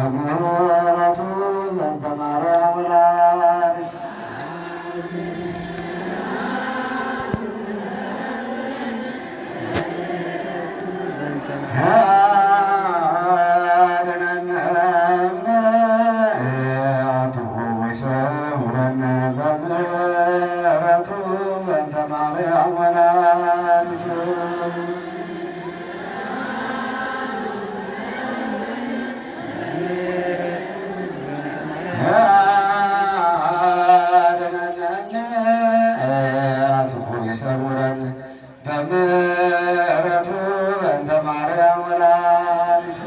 አድነን ይማረን በምሕረቱ በእንተ ማርያም ወላዲቱ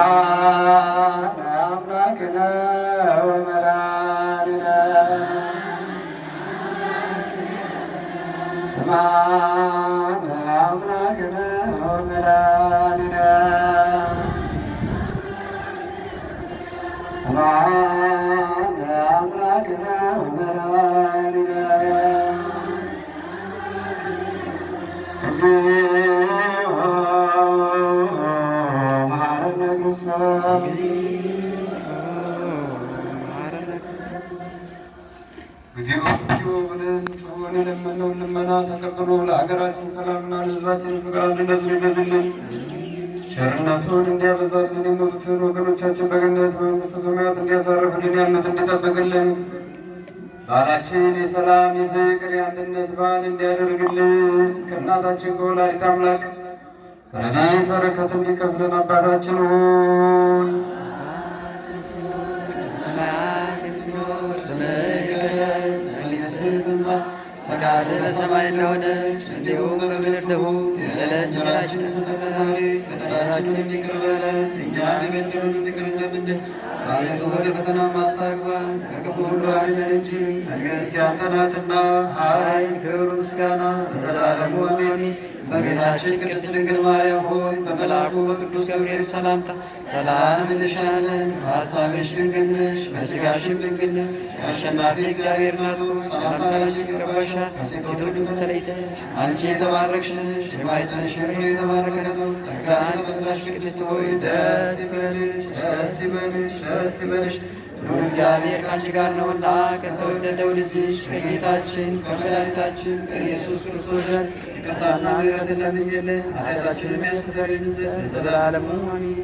አምላክነ ወመድኃኒነ አምላክነ ወመድኃኒነ ስብሐት ለአምላክና እግዚኦ ብለን ጩኸን የለመነውን ልመና ተቀብሎ ለሀገራችን ሰላምና ለሕዝባችን ፍቅር አንድነት ይዘዝልን። ቸርነቱን እንዲያበዛልን የሞቱትን ወገኖቻችን በገነት በመንግሥተ ሰማያት እንዲያሳርፍልን ያሉት እንዲጠብቅልን በዓላችን የሰላም የፍቅር የአንድነት በዓል እንዲያደርግልን ከእናታችን ከወላዲት አምላክ ረድኤት በረከት እንዲከፍልን አባታችን ሆይ ፈቃድ በሰማይ እንደሆነች እንዲሁም በምድር ትሁን። የዕለት እንጀራችንን ስጠን ዛሬ፣ በደላችንን ይቅር በለን እኛም የበደሉንን ይቅር እንደምንል። አቤቱ ወደ ፈተና አታግባን፣ ከክፉ ሁሉ አድነን እንጂ መንግሥት ያንተ ናትና ኃይል፣ ክብር፣ ምስጋና ለዘላለሙ አሜን። በቤታችን ቅድስት ድንግል ማርያም ሆይ በመልአኩ በቅዱስ ገብርኤል ሰላምታ ሰላም እንልሻለን። ሀሳብሽ ድንግል ነሽ፣ በሥጋሽም ድንግል ነሽ። አሸናፊ እግዚአብሔር ናቱ ሰላምታ ላንቺ ይገባሻል። ሴቶች ተለይተሽ አንቺ የተባረክሽ ነሽ፣ የማኅፀንሽ ፍሬ የተባረከ ነው። ጸጋን የተመላሽ ቅድስት ሆይ ደስ ይበልሽ፣ ደስ ይበልሽ፣ ደስ ይበልሽ ኑር እግዚአብሔር ከአንቺ ጋር ነውና ከተወደደው ልጅሽ ከጌታችን ከመድኃኒታችን ከኢየሱስ ክርስቶስ ዘንድ ይቅርታና ምሕረትን ለምኝልን ኃጢአታችንን የሚያስተሰርይልን ዘላለሙ አሜን።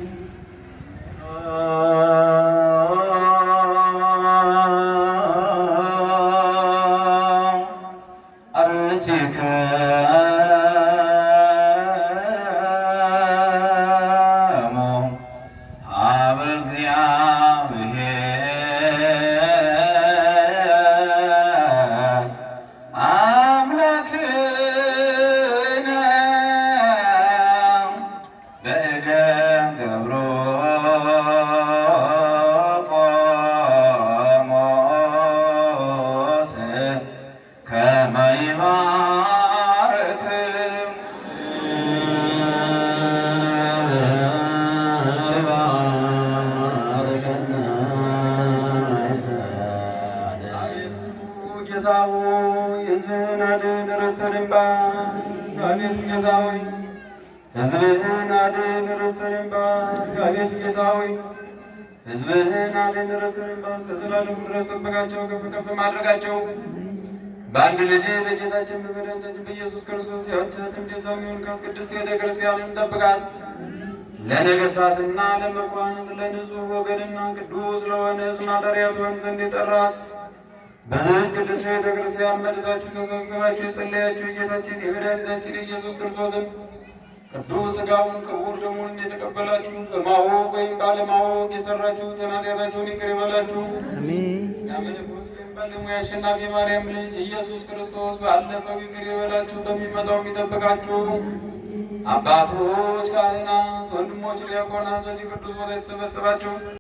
ጌታ ሆይ ሕዝብህን አድን ርስተ አቤቱ ጌታ ሆይ ሕዝብህን አድን ርስተ አቤቱ ጌታ ሆይ ሕዝብህን አድን ርስተ እስከ ዘላለሙ ድረስ ጠብቃቸው፣ ከፍ ከፍ ማድረጋቸው በአንድ ልጅ በጌታችን በመድኃኒታችን በኢየሱስ ክርስቶስ የአንድነትን ቤዛ የሚሆን ቅድስት ቤተ ክርስቲያንን ጠብቃት ለነገሥታትና ለመኳንንት ለንጹሕ ወገንና ቅዱስ ለሆነ ሕዝብ ማደሪያ ትሆን ዘንድ የጠራት በዚህች ቅዱስ ቤተ ክርስቲያን መጥታችሁ ተሰብስባችሁ የጸለያችሁ የጌታችን የመድኃኒታችን ኢየሱስ ክርስቶስን ቅዱስ ሥጋውን ክቡር ደሙን የተቀበላችሁ በማወቅ ወይም ባለማወቅ የሰራችሁትን ኃጢአታችሁን ይቅር ይበላችሁ። ያመለኮስም ባለሙያ አሸናፊ ማርያም ልጅ ኢየሱስ ክርስቶስ ባለፈው ይቅር ይበላችሁ፣ በሚመጣው የሚጠብቃችሁ። አባቶች፣ ካህናት፣ ወንድሞች፣ ዲያቆናት በዚህ ቅዱስ ቦታ የተሰበሰባችሁ